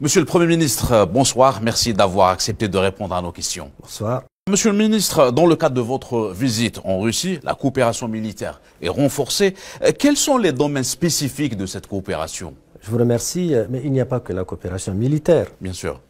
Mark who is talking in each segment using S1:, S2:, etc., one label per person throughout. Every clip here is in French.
S1: Monsieur le Premier ministre, euh, bonsoir. Merci d'avoir accepté de répondre à nos questions. Bonsoir. Monsieur le ministre, dans le cadre de votre visite en Russie, la coopération militaire est renforcée. Euh, quels sont les domaines spécifiques de cette coopération
S2: Je vous remercie, euh, mais il n'y a pas que la coopération militaire. Bien sûr.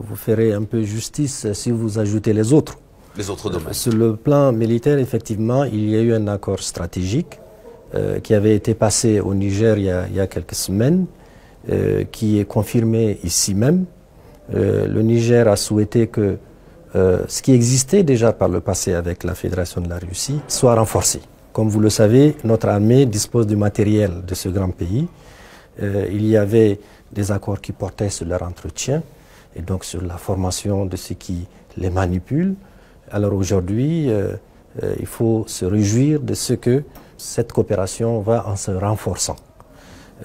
S2: vous ferez un peu justice si vous ajoutez les autres.
S1: Les autres domaines. sur
S2: le plan militaire, effectivement, il y a eu un accord stratégique qui avait été passé au Niger il y a quelques semaines euh, qui est confirmé ici même. Euh, le Niger a souhaité que euh, ce qui existait déjà par le passé avec la Fédération de la Russie soit renforcé. Comme vous le savez, notre armée dispose du matériel de ce grand pays. il y avait des accords qui portaient sur leur entretien et donc sur la formation de ceux qui les manipulent. Alors aujourd'hui, il faut se réjouir de ce que cette coopération va en se renforçant.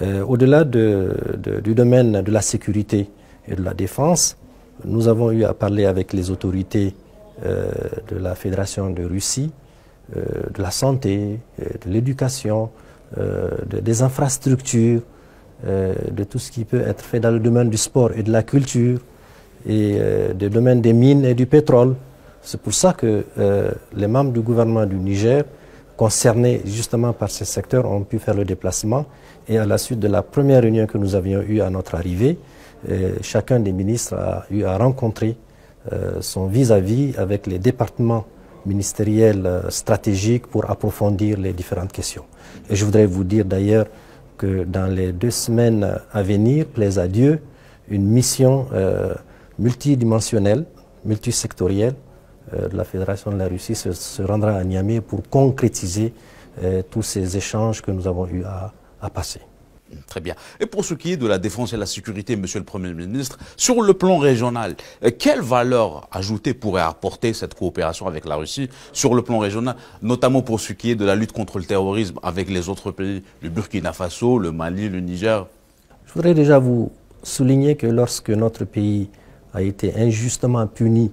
S2: Euh, au-delà du domaine de la sécurité et de la défense, nous avons eu à parler avec les autorités euh, de la Fédération de Russie, euh, de la santé, de l'éducation, des infrastructures, de tout ce qui peut être fait dans le domaine du sport et de la culture, et des domaines des mines et du pétrole. C'est pour ça que les membres du gouvernement du Niger concernés justement par ces secteurs ont pu faire le déplacement. Et à la suite de la première réunion que nous avions eue à notre arrivée, euh, chacun des ministres a eu à rencontrer euh, son vis-à-vis avec les départements ministériels euh, stratégiques pour approfondir les différentes questions. Et je voudrais vous dire d'ailleurs que dans les deux semaines à venir, plaise à Dieu, une mission multidimensionnelle, multisectorielle, euh, de la Fédération de la Russie se, rendra à Niamey pour concrétiser euh, tous ces échanges que nous avons eu à, passer.
S1: Très bien. Et pour ce qui est de la défense et de la sécurité, Monsieur le Premier ministre, sur le plan régional, euh, quelle valeur ajoutée pourrait apporter cette coopération avec la Russie sur le plan régional, notamment pour ce qui est de la lutte contre le terrorisme avec les autres pays, le Burkina Faso, le Mali, le Niger
S2: Je voudrais déjà vous souligner que lorsque notre pays a été injustement puni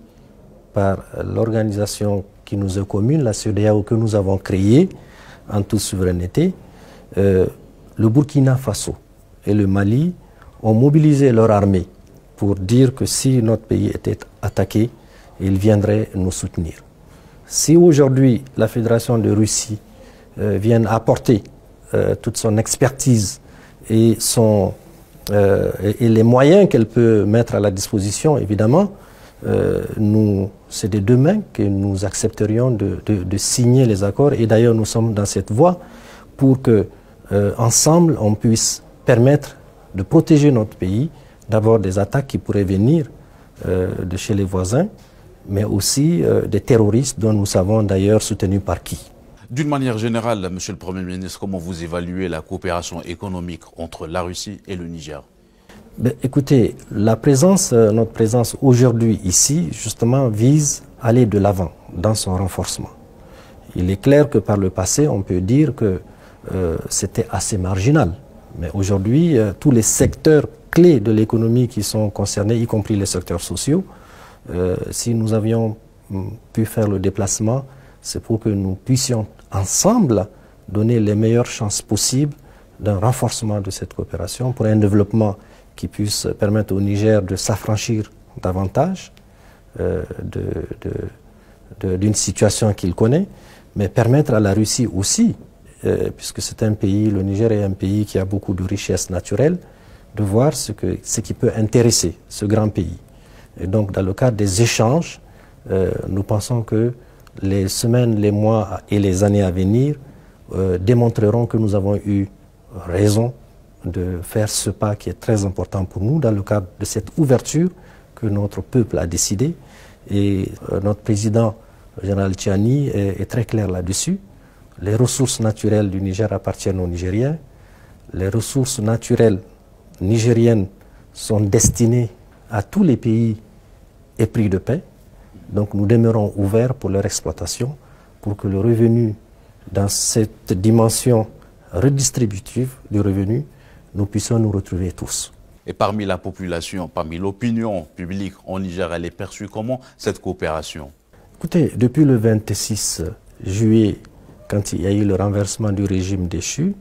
S2: par l'organisation qui nous est commune, la CEDEAO que nous avons créée en toute souveraineté, euh, le Burkina Faso et le Mali ont mobilisé leur armée pour dire que si notre pays était attaqué, ils viendraient nous soutenir. Si aujourd'hui la Fédération de Russie euh, vient apporter euh, toute son expertise et, son, euh, et les moyens qu'elle peut mettre à la disposition, évidemment, nous c'est de demain que nous accepterions de, signer les accords. Et d'ailleurs, nous sommes dans cette voie pour que, euh, ensemble, on puisse permettre de protéger notre pays d'abord des attaques qui pourraient venir euh, de chez les voisins, mais aussi euh, des terroristes dont nous savons d'ailleurs soutenus par qui.
S1: D'une manière générale, Monsieur le Premier ministre, comment vous évaluez la coopération économique entre la Russie et le Niger
S2: ben, écoutez, euh, notre présence aujourd'hui ici, justement, vise à aller de l'avant dans son renforcement. Il est clair que par le passé, on peut dire que euh, c'était assez marginal. Mais aujourd'hui, euh, tous les secteurs clés de l'économie qui sont concernés, y compris les secteurs sociaux, si nous avions hum, pu faire le déplacement, c'est pour que nous puissions ensemble donner les meilleures chances possibles d'un renforcement de cette coopération pour un développement qui puisse permettre au Niger de s'affranchir davantage euh, d'une situation qu'il connaît, mais permettre à la Russie aussi, euh, puisque c'est un pays, le Niger est un pays qui a beaucoup de richesses naturelles, de voir ce, qui peut intéresser ce grand pays. Et donc, dans le cadre des échanges, euh, nous pensons que les semaines, les mois et les années à venir démontreront que nous avons eu raison de faire ce pas qui est très important pour nous dans le cadre de cette ouverture que notre peuple a décidé. Et euh, notre président, général Tchani, est, est très clair là-dessus. Les ressources naturelles du Niger appartiennent aux Nigériens. Les ressources naturelles nigériennes sont destinées à tous les pays épris de paix. Donc nous demeurons ouverts pour leur exploitation, pour que le revenu, dans cette dimension redistributive du revenu, nous puissions nous retrouver tous.
S1: Et parmi la population, parmi l'opinion publique en Niger, elle est perçue comment cette coopération
S2: Écoutez, depuis le 26 juillet, quand il y a eu le renversement du régime déchu,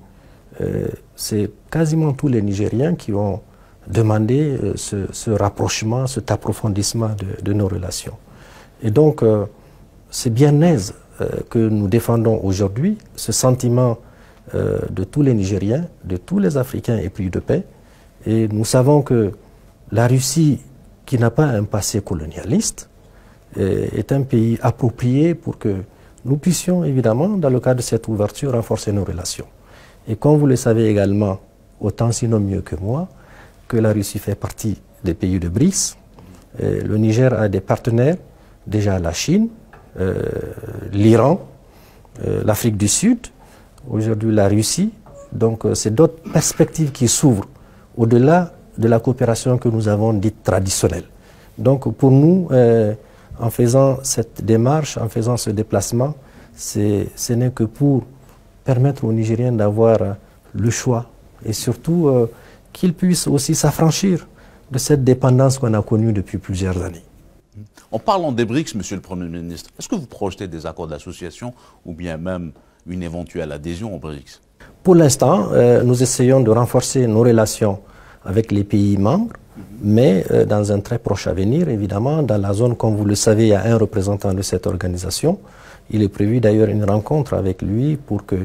S2: euh, c'est quasiment tous les Nigériens qui ont demandé euh, ce, rapprochement, cet approfondissement de, nos relations. Et donc, euh, c'est bien aise que nous défendons aujourd'hui, ce sentiment euh, de tous les Nigériens, de tous les Africains et plus de paix. Et nous savons que la Russie, qui n'a pas un passé colonialiste, euh, est un pays approprié pour que nous puissions, évidemment, dans le cadre de cette ouverture, renforcer nos relations. Et comme vous le savez également, autant sinon mieux que moi, que la Russie fait partie des pays de Brice, euh, le Niger a des partenaires, déjà la Chine, l'Iran, l'Afrique du Sud, aujourd'hui la Russie. Donc euh, c'est d'autres perspectives qui s'ouvrent au-delà de la coopération que nous avons dite traditionnelle. Donc pour nous, euh, en faisant cette démarche, en faisant ce déplacement, ce n'est que pour permettre aux Nigériens d'avoir euh, le choix et surtout qu'ils puissent aussi s'affranchir de cette dépendance qu'on a connue depuis plusieurs années.
S1: En parlant des BRICS, Monsieur le Premier ministre, est-ce que vous projetez des accords d'association ou bien même une éventuelle adhésion au BRICS
S2: Pour l'instant, euh, nous essayons de renforcer nos relations avec les pays membres, mais euh, dans un très proche avenir, évidemment, dans la zone, comme vous le savez, il y a un représentant de cette organisation. Il est prévu d'ailleurs une rencontre avec lui pour que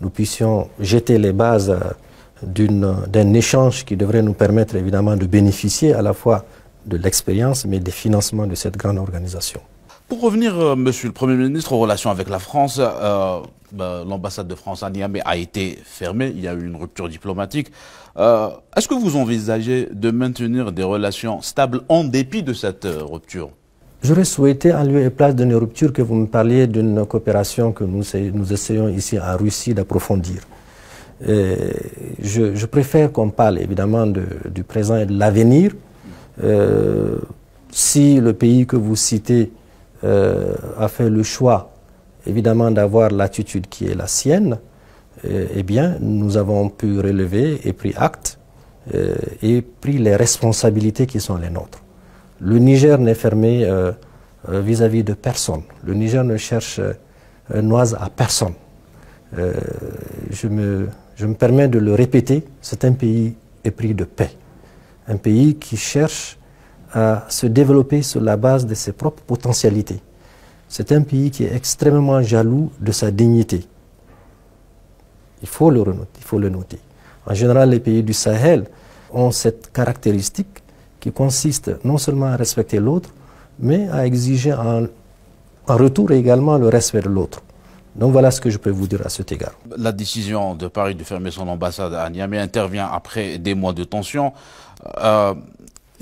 S2: nous puissions jeter les bases euh, d'un échange qui devrait nous permettre évidemment de bénéficier à la fois de l'expérience, mais des financements de cette grande organisation.
S1: Pour revenir, euh, Monsieur le Premier ministre, aux relations avec la France, euh, bah, l'ambassade de France à Niamey a été fermée, il y a eu une rupture diplomatique. Euh, est-ce que vous envisagez de maintenir des relations stables en dépit de cette rupture
S2: J'aurais souhaité, en lieu et place d'une rupture, que vous me parliez d'une coopération que nous, nous, essayons ici en Russie d'approfondir. Je, préfère qu'on parle évidemment du présent et de l'avenir. si le pays que vous citez euh, a fait le choix, évidemment, d'avoir l'attitude qui est la sienne, euh, eh bien, nous avons pu relever et pris acte euh, et pris les responsabilités qui sont les nôtres. Le Niger n'est fermé vis-à-vis de personne. Le Niger ne cherche noise à personne. je me permets de le répéter, c'est un pays épris de paix. Un pays qui cherche à se développer sur la base de ses propres potentialités. C'est un pays qui est extrêmement jaloux de sa dignité. Il faut le, il faut le noter. En général, les pays du Sahel ont cette caractéristique qui consiste non seulement à respecter l'autre, mais à exiger en, retour également le respect de l'autre. Donc voilà ce que je peux vous dire à cet égard.
S1: La décision de Paris de fermer son ambassade à Niamey intervient après des mois de tension. Euh,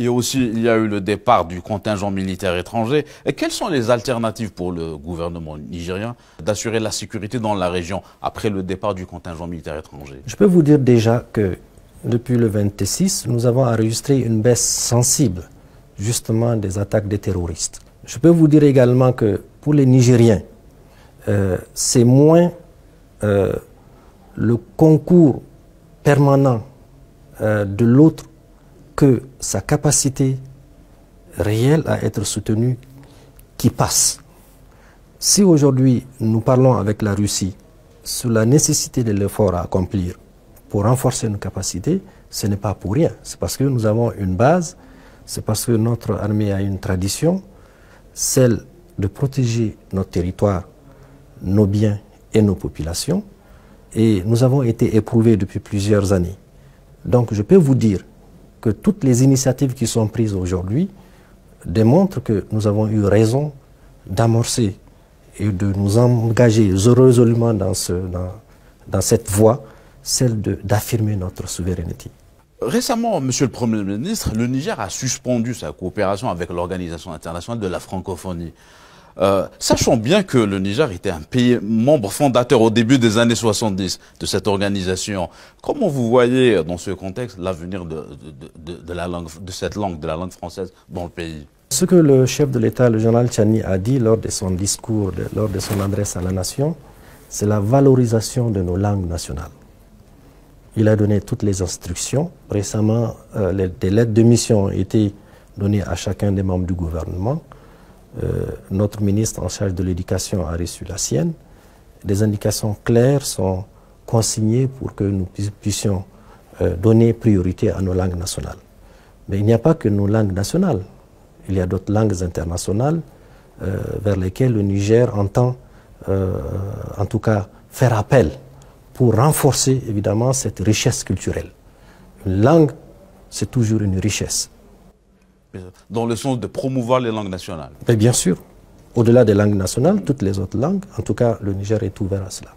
S1: aussi, il y a eu le départ du contingent militaire étranger. Et quelles sont les alternatives pour le gouvernement nigérien d'assurer la sécurité dans la région après le départ du contingent militaire étranger
S2: Je peux vous dire déjà que depuis le 26, nous avons enregistré une baisse sensible justement des attaques des terroristes. Je peux vous dire également que pour les Nigériens, euh, c'est moins euh, le concours permanent euh, de l'autre que sa capacité réelle à être soutenue qui passe. Si aujourd'hui nous parlons avec la Russie sur la nécessité de l'effort à accomplir pour renforcer nos capacités, ce n'est pas pour rien. C'est parce que nous avons une base, c'est parce que notre armée a une tradition, celle de protéger nos territoires, nos biens et nos populations. Et nous avons été éprouvés depuis plusieurs années. Donc je peux vous dire que toutes les initiatives qui sont prises aujourd'hui démontrent que nous avons eu raison d'amorcer et de nous engager heureusement dans, dans cette voie, celle d'affirmer notre souveraineté.
S1: Récemment, Monsieur le Premier ministre, le Niger a suspendu sa coopération avec l'Organisation internationale de la francophonie. Euh, sachant bien que le Niger était un pays membre fondateur au début des années 70 de cette organisation. Comment vous voyez euh, dans ce contexte l'avenir de, de, la langue, de cette langue, de la langue française dans le pays
S2: Ce que le chef de l'État, le général Tchani, a dit lors de son discours, lors de son adresse à la nation, c'est la valorisation de nos langues nationales. Il a donné toutes les instructions. Récemment, euh, des lettres de mission ont été données à chacun des membres du gouvernement. Euh, notre ministre en charge de l'éducation a reçu la sienne. Des indications claires sont consignées pour que nous puissions euh, donner priorité à nos langues nationales. Mais il n'y a pas que nos langues nationales. Il y a d'autres langues internationales euh, vers lesquelles le Niger entend, en tout cas, faire appel pour renforcer évidemment cette richesse culturelle. Une langue, c'est toujours une richesse
S1: dans le sens de promouvoir les langues nationales.
S2: bien sûr, au-delà des langues nationales, toutes les autres langues, en tout cas le Niger est ouvert à cela.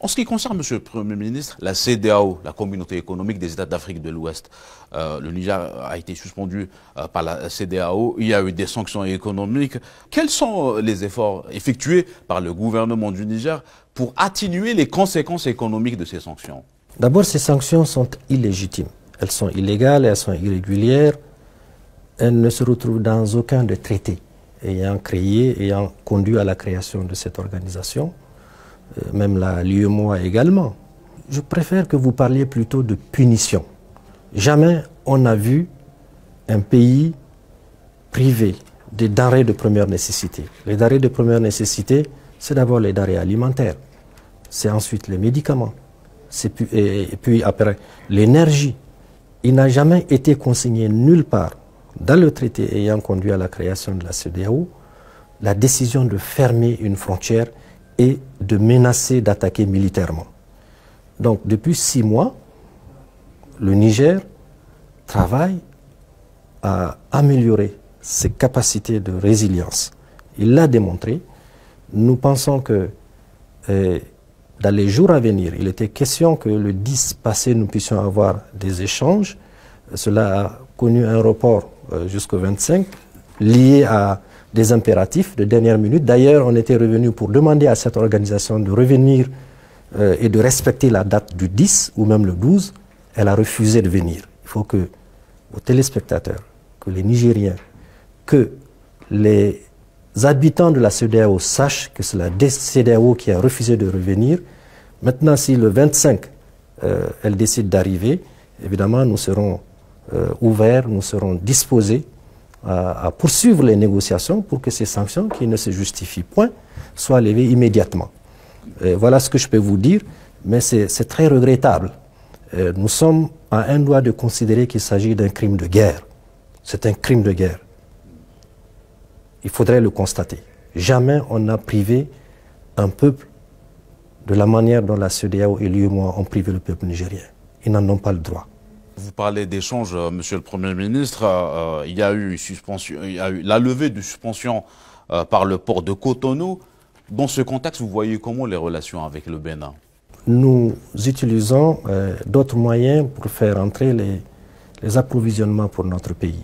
S1: En ce qui concerne, Monsieur le Premier ministre, la CDAO, la Communauté économique des États d'Afrique de l'Ouest, euh, le Niger a été suspendu euh, par la CDAO, il y a eu des sanctions économiques. Quels sont euh, les efforts effectués par le gouvernement du Niger pour atténuer les conséquences économiques de ces sanctions
S2: D'abord, ces sanctions sont illégitimes. Elles sont illégales, elles sont irrégulières, elle ne se retrouve dans aucun des traités ayant créé, ayant conduit à la création de cette organisation, euh, même la e moi également. Je préfère que vous parliez plutôt de punition. Jamais on n'a vu un pays privé des denrées de première nécessité. Les denrées de première nécessité, c'est d'abord les denrées alimentaires, c'est ensuite les médicaments, et puis après l'énergie. Il n'a jamais été consigné nulle part dans le traité ayant conduit à la création de la CDAO, la décision de fermer une frontière et de menacer d'attaquer militairement. Donc depuis six mois, le Niger travaille à améliorer ses capacités de résilience. Il l'a démontré. Nous pensons que euh, dans les jours à venir, il était question que le 10 passé, nous puissions avoir des échanges. Cela a connu un report euh, jusqu'au 25 lié à des impératifs de dernière minute. D'ailleurs, on était revenu pour demander à cette organisation de revenir euh, et de respecter la date du 10 ou même le 12. Elle a refusé de venir. Il faut que aux téléspectateurs, que les Nigériens, que les habitants de la CEDEAO sachent que c'est la CEDEAO qui a refusé de revenir. Maintenant, si le 25, euh, elle décide d'arriver, évidemment, nous serons euh, ouverts, nous serons disposés à, poursuivre les négociations pour que ces sanctions qui ne se justifient point soient levées immédiatement. voilà ce que je peux vous dire, mais c'est très regrettable. Euh, nous sommes à un doigt de considérer qu'il s'agit d'un crime de guerre. C'est un crime de guerre. Il faudrait le constater. Jamais on n'a privé un peuple de la manière dont la CEDEAO et moi ont privé le peuple nigérien. Ils n'en ont pas le droit.
S1: Vous parlez d'échanges, euh, Monsieur le Premier ministre. Euh, il, y a eu suspension, il a eu la levée de suspension euh, par le port de Cotonou. Dans ce contexte, vous voyez comment les relations avec le Bénin
S2: Nous utilisons d'autres moyens pour faire entrer les, approvisionnements pour notre pays.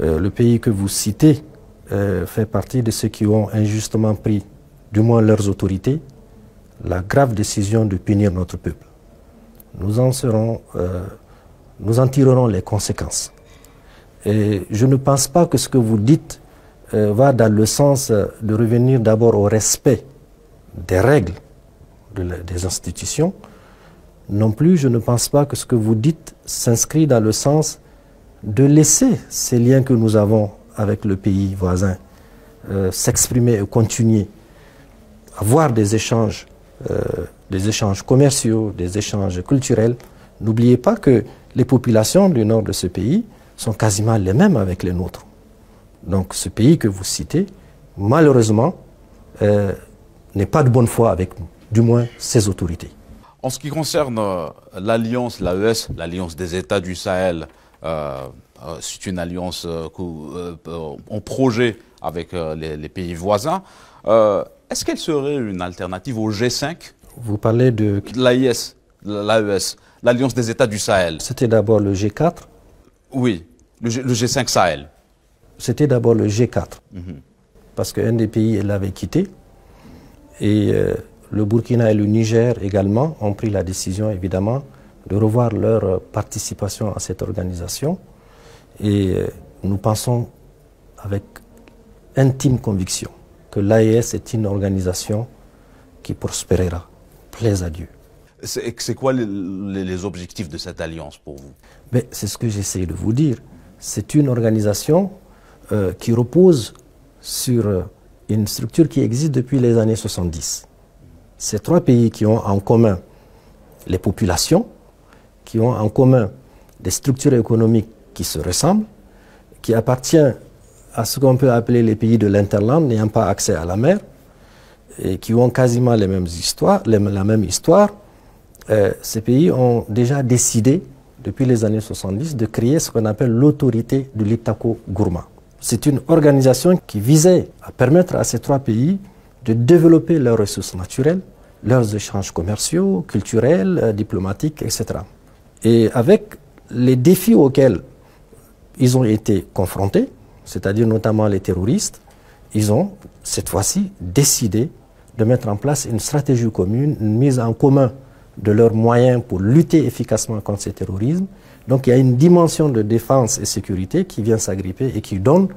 S2: le pays que vous citez fait partie de ceux qui ont injustement pris, du moins leurs autorités, la grave décision de punir notre peuple. Nous en serons nous en tirerons les conséquences. Et je ne pense pas que ce que vous dites euh, va dans le sens euh, de revenir d'abord au respect des règles des institutions. Non plus, je ne pense pas que ce que vous dites s'inscrit dans le sens de laisser ces liens que nous avons avec le pays voisin euh, s'exprimer et continuer, avoir des échanges, des échanges commerciaux, des échanges culturels, N'oubliez pas que les populations du nord de ce pays sont quasiment les mêmes avec les nôtres. Donc ce pays que vous citez, malheureusement, euh, n'est pas de bonne foi avec nous, du moins ses autorités.
S1: En ce qui concerne euh, l'alliance, l'AES, l'alliance des États du Sahel, euh, c'est une alliance en projet avec les, pays voisins. Est-ce qu'elle serait une alternative au G5
S2: Vous parlez de...
S1: l'AES l'Alliance des États du Sahel.
S2: C'était d'abord le G4
S1: Oui, le, G, 5 Sahel.
S2: C'était d'abord le G4, mhm. parce qu'un des pays l'avait quitté, et euh, le Burkina et le Niger également ont pris la décision, évidemment, de revoir leur participation à cette organisation. Et euh, nous pensons avec intime conviction que l'AES est une organisation qui prospérera. Plaise à Dieu.
S1: C'est quoi les, objectifs de cette alliance pour vous
S2: C'est ce que j'essaie de vous dire. C'est une organisation euh, qui repose sur euh, une structure qui existe depuis les années 70. Ces trois pays qui ont en commun les populations, qui ont en commun des structures économiques qui se ressemblent, qui appartiennent à ce qu'on peut appeler les pays de l'interland n'ayant pas accès à la mer, et qui ont quasiment les mêmes histoires, la même histoire, euh, ces pays ont déjà décidé, depuis les années 70, de créer ce qu'on appelle l'autorité de l'Itako Gourma. C'est une organisation qui visait à permettre à ces trois pays de développer leurs ressources naturelles, leurs échanges commerciaux, culturels, euh, diplomatiques, etc. Et avec les défis auxquels ils ont été confrontés, c'est-à-dire notamment les terroristes, ils ont cette fois-ci décidé de mettre en place une stratégie commune, une mise en commun de leurs moyens pour lutter efficacement contre ce terrorisme. Donc il y a une dimension de défense et sécurité qui vient s'agripper et qui donne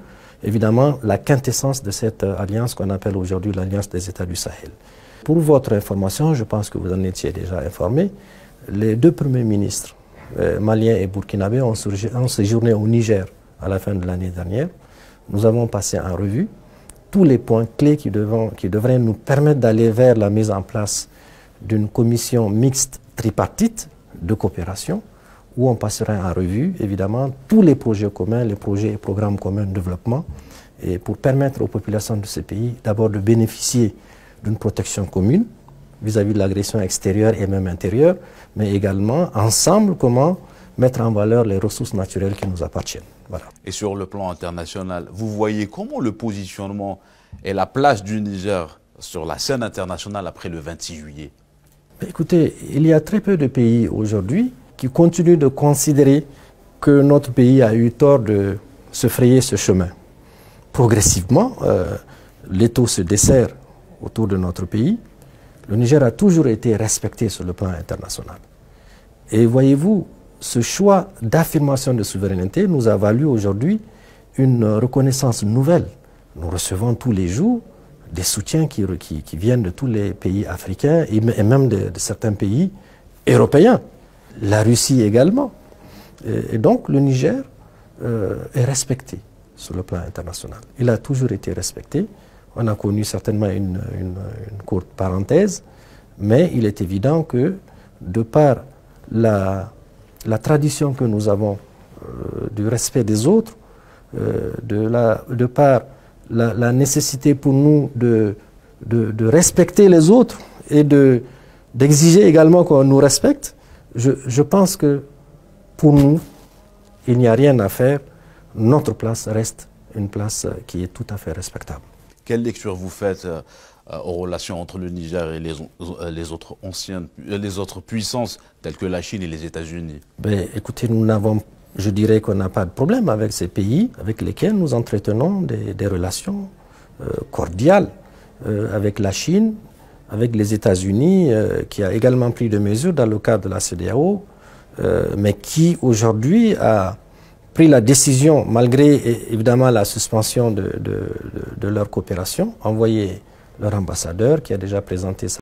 S2: évidemment la quintessence de cette euh, alliance qu'on appelle aujourd'hui l'alliance des États du Sahel. Pour votre information, je pense que vous en étiez déjà informé, les deux premiers ministres Malien euh, maliens et burkinabés ont, séjourné au Niger à la fin de l'année dernière. Nous avons passé en revue tous les points clés qui, qui devraient nous permettre d'aller vers la mise en place d'une commission mixte tripartite de coopération où on passera en revue, évidemment, tous les projets communs, les projets et programmes communs de développement, et pour permettre aux populations de ces pays d'abord de bénéficier d'une protection commune vis-à-vis de l'agression extérieure et même intérieure, mais également ensemble comment mettre en valeur les ressources naturelles qui nous appartiennent.
S1: Et sur le plan international, vous voyez comment le positionnement et la place du Niger sur la scène internationale après le 26 juillet
S2: Écoutez, il y a très peu de pays aujourd'hui qui continuent de considérer que notre pays a eu tort de se frayer ce chemin. Progressivement, euh, l'étau se dessert autour de notre pays. Le Niger a toujours été respecté sur le plan international. Et voyez-vous, ce choix d'affirmation de souveraineté nous a valu aujourd'hui une reconnaissance nouvelle. Nous recevons tous les jours des soutiens qui, viennent de tous les pays africains et, même de, certains pays européens, la Russie également. Et, donc le Niger euh, est respecté sur le plan international. Il a toujours été respecté. On a connu certainement une, courte parenthèse, mais il est évident que de par la, la tradition que nous avons euh, du respect des autres, euh, de, la, de par la, nécessité pour nous de, de, respecter les autres et de, d'exiger également qu'on nous respecte, je, pense que pour nous, il n'y a rien à faire. Notre place reste une place euh, qui est tout à fait respectable.
S1: Quelle lecture vous faites euh, euh, aux relations entre le Niger et les, les, autres, anciennes, les autres puissances telles que la Chine et les États-Unis
S2: ben, Écoutez, nous n'avons je dirais qu'on n'a pas de problème avec ces pays avec lesquels nous entretenons des, relations euh, cordiales euh, avec la Chine, avec les États-Unis, euh, qui a également pris des mesures dans le cadre de la CDAO, mais qui aujourd'hui a pris la décision, malgré évidemment la suspension de, leur coopération, envoyer leur ambassadeur qui a déjà présenté sa